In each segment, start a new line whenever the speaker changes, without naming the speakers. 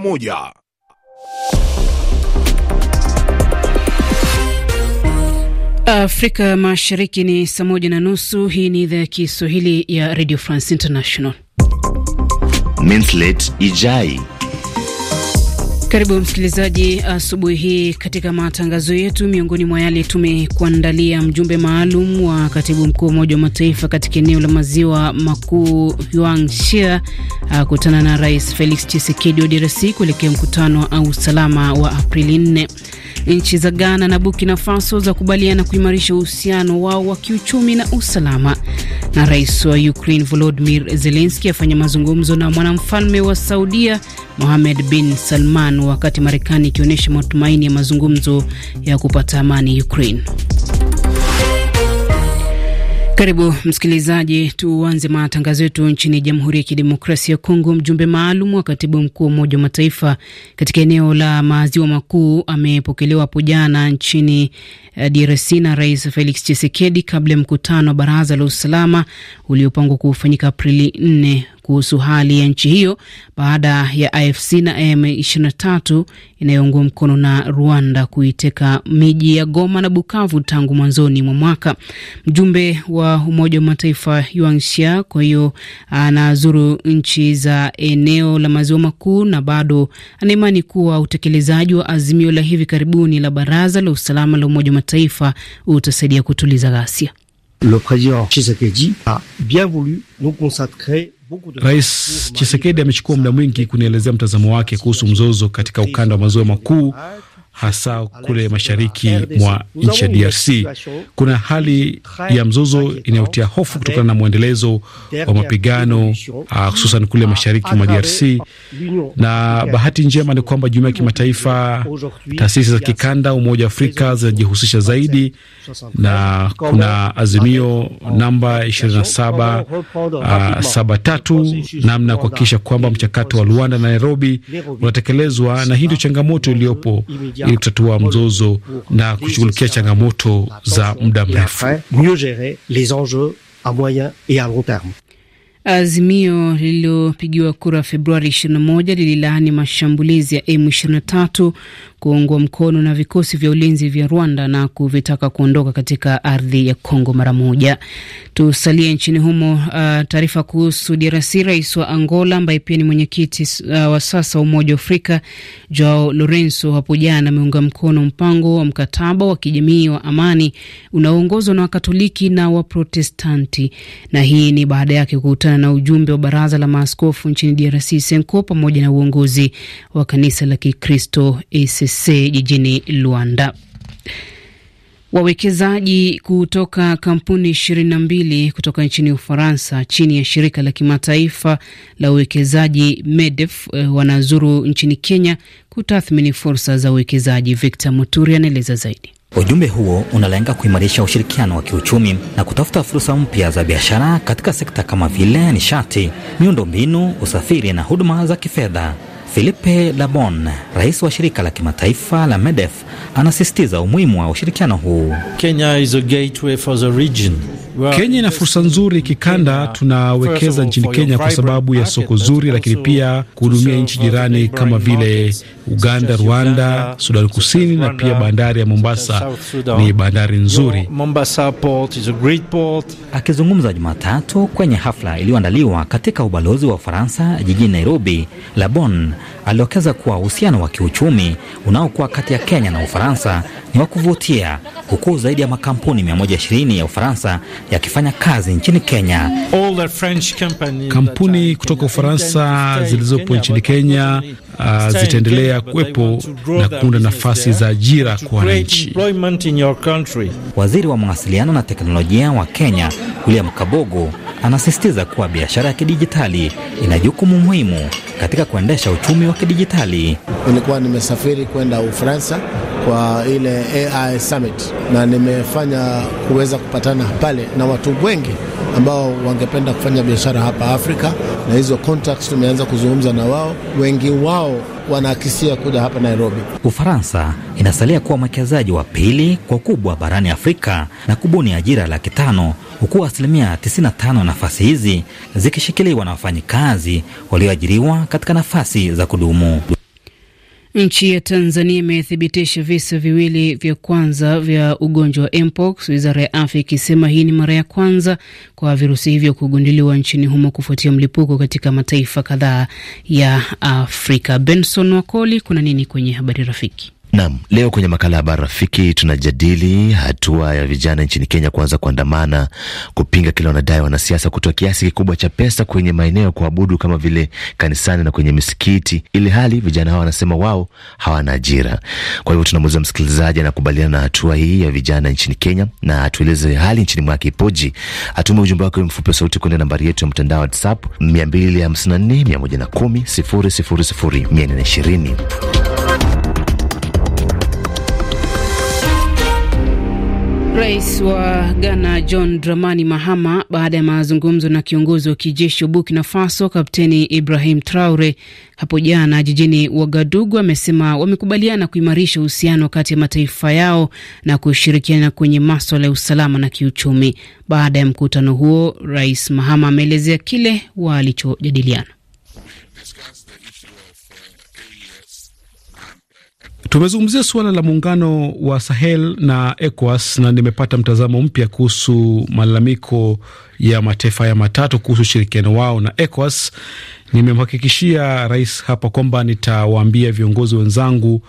moja.
Afrika Mashariki ni saa moja na nusu. Hii ni idhaa ya Kiswahili ya Radio France International.
minslate Ijai
karibu msikilizaji, asubuhi hii katika matangazo yetu, miongoni mwa yale tumekuandalia: mjumbe maalum wa katibu mkuu wa Umoja wa Mataifa katika eneo la maziwa makuu Yuang Shia akutana na Rais Felix Tshisekedi wa DRC kuelekea mkutano wa usalama wa Aprili 4. Nchi za Ghana na Burkina Faso zakubaliana kuimarisha uhusiano wao wa kiuchumi na usalama. Na rais wa Ukraine Volodymyr Zelensky afanya mazungumzo na mwanamfalme wa Saudia Mohammed bin Salman, wakati Marekani ikionyesha matumaini ya mazungumzo ya kupata amani Ukraine. Karibu msikilizaji, tuanze matangazo yetu. Nchini Jamhuri ya Kidemokrasia ya Kongo, mjumbe maalum wa katibu mkuu wa Umoja wa Mataifa katika eneo la Maziwa Makuu amepokelewa hapo jana nchini eh, DRC na Rais Felix Tshisekedi kabla ya mkutano wa Baraza la Usalama uliopangwa kufanyika Aprili 4 kuhusu hali ya nchi hiyo baada ya AFC na M23 inayoungwa mkono na Rwanda kuiteka miji ya Goma na Bukavu tangu mwanzoni mwa mwaka. Mjumbe wa Umoja wa Mataifa Yuanshia kwa hiyo anazuru nchi za eneo la maziwa makuu na bado anaimani kuwa utekelezaji wa azimio la hivi karibuni la Baraza la Usalama la Umoja wa Mataifa utasaidia kutuliza ghasia.
Le president Tshisekedi a
bien voulu nous consacrer Rais chisekedi amechukua muda mwingi kunielezea mtazamo wake kuhusu mzozo katika ukanda wa maziwa makuu hasa kule mashariki mwa nchi ya DRC. Kuna hali ya mzozo inayotia hofu kutokana na mwendelezo wa mapigano ah, hususan kule mashariki mwa DRC, na bahati njema ni kwamba jumuiya ya kimataifa, taasisi za kikanda, Umoja wa Afrika zinajihusisha zaidi, na kuna azimio namba 2773 ah, namna ya kuhakikisha kwamba mchakato wa Luanda na Nairobi unatekelezwa, na hii ndio changamoto iliyopo ili kutatua mzozo na kushughulikia
changamoto za muda mrefu.
Azimio lililopigiwa kura Februari 21 lililaani mashambulizi ya M23 kuungwa mkono na vikosi vya ulinzi vya Rwanda na kuvitaka kuondoka katika ardhi ya Kongo mara moja. Tusalie nchini humo. Uh, taarifa kuhusu DRC. Rais wa Angola ambaye pia ni mwenyekiti uh, wa sasa wa Umoja wa Afrika Joao Lorenzo hapo jana ameunga mkono mpango wa mkataba wa kijamii wa amani unaoongozwa na Wakatoliki na Waprotestanti, na hii ni baada yake kukutana na ujumbe wa baraza la maaskofu nchini DRC Senko pamoja na uongozi wa kanisa la Kikristo ACC. FCC jijini Luanda. Wawekezaji kutoka kampuni ishirini na mbili kutoka nchini Ufaransa chini ya shirika la kimataifa la uwekezaji MEDEF eh, wanazuru nchini Kenya kutathmini fursa za uwekezaji. Victor Muturi anaeleza zaidi.
Ujumbe huo unalenga kuimarisha ushirikiano wa kiuchumi na kutafuta fursa mpya za biashara katika sekta kama vile nishati, miundombinu, usafiri na huduma za kifedha. Philippe Labon, rais wa shirika la kimataifa la MEDEF, anasisitiza umuhimu wa ushirikiano huu. Kenya is a gateway for the region. Kenya ina fursa nzuri kikanda,
uh, tunawekeza nchini Kenya kwa sababu ya soko zuri, lakini pia kuhudumia nchi jirani kama vile Uganda, Rwanda, Sudan Kusini, na pia bandari ya Mombasa
ni bandari nzuri. Akizungumza Jumatatu kwenye hafla iliyoandaliwa katika ubalozi wa Ufaransa jijini Nairobi, Labon aliokeza kuwa uhusiano wa kiuchumi unaokuwa kati ya Kenya na Ufaransa ni wa kuvutia, huku zaidi ya makampuni 120 ya Ufaransa yakifanya kazi nchini Kenya. Kampuni kutoka Ufaransa zilizopo nchini Kenya uh, zitaendelea kuwepo na kuunda nafasi za ajira kwa wananchi. Waziri wa mawasiliano na teknolojia wa Kenya William Kabogo anasisitiza kuwa biashara ya kidijitali ina jukumu muhimu katika kuendesha uchumi wa kidijitali.
Nilikuwa nimesafiri kwenda Ufaransa kwa ile AI Summit na nimefanya kuweza kupatana pale na watu wengi ambao wangependa kufanya biashara hapa Afrika, na hizo contacts tumeanza kuzungumza na wao. Wengi wao wanaakisia kuja hapa Nairobi.
Ufaransa inasalia kuwa mwekezaji wa pili kwa kubwa barani Afrika na kubuni ajira laki tano huku asilimia 95 nafasi hizi zikishikiliwa na wafanyikazi walioajiriwa katika nafasi za kudumu.
Nchi ya Tanzania imethibitisha visa viwili vya kwanza vya ugonjwa wa mpox, wizara ya afya ikisema hii ni mara ya kwanza kwa virusi hivyo kugunduliwa nchini humo kufuatia mlipuko katika mataifa kadhaa ya Afrika. Benson Wakoli, kuna nini kwenye habari rafiki?
Nam, leo kwenye makala ya habari rafiki tunajadili hatua ya vijana nchini Kenya kuanza kuandamana kupinga kile wanadai wanasiasa kutoa kiasi kikubwa cha pesa kwenye maeneo ya kuabudu kama vile kanisani na kwenye misikiti, ili hali vijana hao wanasema wao hawana ajira. Kwa hivyo tunamuuliza msikilizaji anakubaliana na hatua hii ya vijana nchini Kenya na atueleze hali nchini mwake ipoje. Atume ujumbe wake mfupi wa sauti kwenda nambari yetu ya mtandao WhatsApp 254 110 000 420.
Rais wa Ghana John Dramani Mahama, baada ya mazungumzo na kiongozi wa kijeshi wa Burkina Faso Kapteni Ibrahim Traore hapo jana jijini Wagadugu, amesema wamekubaliana kuimarisha uhusiano kati ya mataifa yao na kushirikiana kwenye maswala ya usalama na kiuchumi. Baada ya mkutano huo, Rais Mahama ameelezea kile walichojadiliana. Tumezungumzia suala la muungano wa Sahel na
ECOWAS na nimepata mtazamo mpya kuhusu malalamiko ya mataifa haya matatu kuhusu ushirikiano wao na ECOWAS. Nimemhakikishia rais hapa kwamba nitawaambia viongozi wenzangu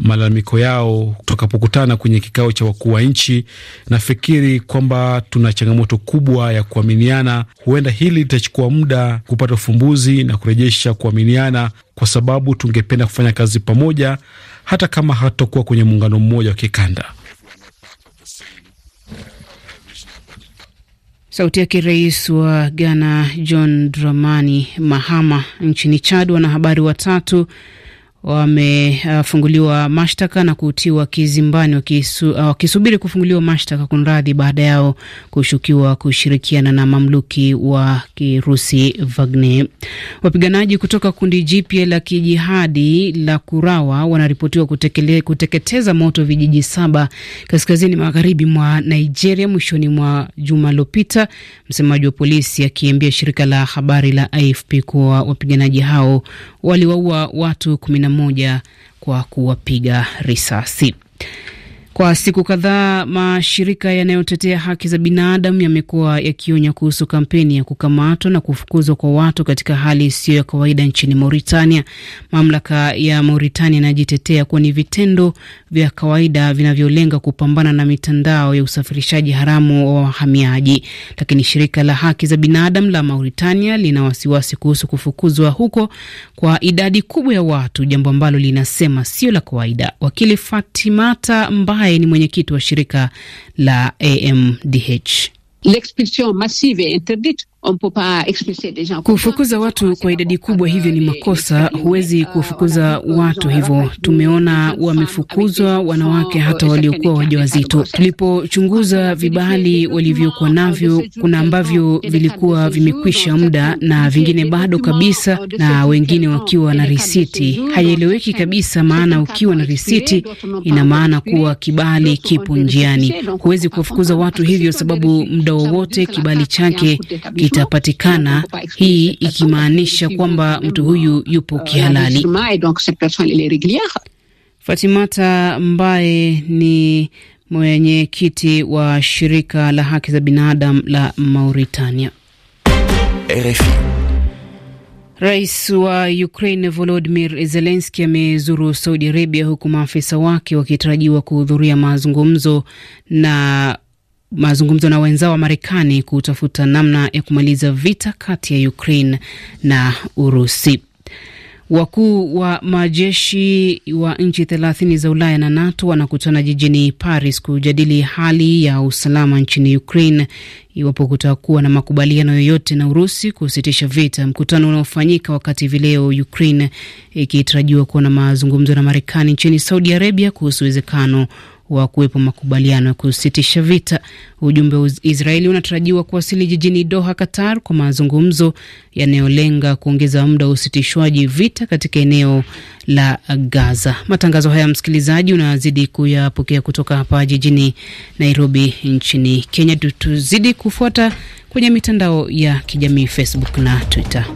malalamiko yao tutakapokutana kwenye kikao cha wakuu wa nchi. Nafikiri kwamba tuna changamoto kubwa ya kuaminiana. Huenda hili litachukua muda kupata ufumbuzi na kurejesha kuaminiana, kwa sababu tungependa kufanya kazi pamoja hata kama hatakuwa kwenye muungano mmoja wa kikanda.
Sauti yake rais wa Ghana John Dramani Mahama. Nchini Chad, wanahabari watatu wamefunguliwa uh, mashtaka na kutiwa kizimbani uh, wakisubiri uh, kufunguliwa mashtaka kunradhi, baada yao kushukiwa kushirikiana na mamluki wa Kirusi Wagner. Wapiganaji kutoka kundi jipya la kijihadi la Kurawa wanaripotiwa kuteketeza moto vijiji saba kaskazini magharibi mwa Nigeria mwishoni mwa juma lilopita, msemaji wa polisi akiambia shirika la habari la AFP kuwa wapiganaji hao waliwaua watu kumi na moja kwa kuwapiga risasi. Kwa siku kadhaa mashirika yanayotetea haki za binadamu yamekuwa yakionya kuhusu kampeni ya kukamatwa na kufukuzwa kwa watu katika hali isiyo ya kawaida nchini Mauritania. Mamlaka ya Mauritania inajitetea kuwa ni vitendo vya kawaida vinavyolenga kupambana na mitandao ya usafirishaji haramu wa wahamiaji, lakini shirika la haki za binadamu la Mauritania lina wasiwasi kuhusu kufukuzwa huko kwa idadi kubwa ya watu, jambo ambalo linasema sio la kawaida. Wakili Fatimata Mba ambaye ni mwenyekiti wa shirika la AMDH. L'expulsion massive et interdite kufukuza watu kwa idadi kubwa hivyo ni makosa, huwezi euh, kuwafukuza watu hivyo. Tumeona wamefukuzwa wanawake hata euh, waliokuwa wajawazito. Tulipochunguza vibali walivyokuwa navyo, kuna ambavyo vilikuwa vimekwisha muda na vingine bado kabisa, na wengine wakiwa na risiti. Haieleweki kabisa, maana ukiwa na risiti ina maana kuwa kibali kipo njiani. Huwezi kuwafukuza watu hivyo, sababu muda wowote kibali chake itapatikana, hii ikimaanisha kwamba mtu huyu yupo kihalali. Fatimata ambaye ni mwenyekiti wa shirika la haki za binadamu la Mauritania. RFI. Rais wa Ukraine volodimir zelenski amezuru Saudi Arabia huku maafisa wake wakitarajiwa kuhudhuria mazungumzo na mazungumzo na wenzao wa Marekani kutafuta namna ya kumaliza vita kati ya Ukraine na Urusi. Wakuu wa majeshi wa nchi thelathini za Ulaya na NATO wanakutana jijini Paris kujadili hali ya usalama nchini Ukraine iwapo kutakuwa na makubaliano yoyote na Urusi kusitisha vita, mkutano unaofanyika wakati hivi leo Ukraine ikitarajiwa kuwa na mazungumzo na Marekani nchini Saudi Arabia kuhusu uwezekano wa kuwepo makubaliano ya kusitisha vita. Ujumbe wa Israeli unatarajiwa kuwasili jijini Doha, Qatar, kwa mazungumzo yanayolenga kuongeza muda wa usitishwaji vita katika eneo la Gaza. Matangazo haya, msikilizaji, unazidi kuyapokea kutoka hapa jijini Nairobi nchini Kenya. Tuzidi kufuata kwenye mitandao ya kijamii Facebook na Twitter.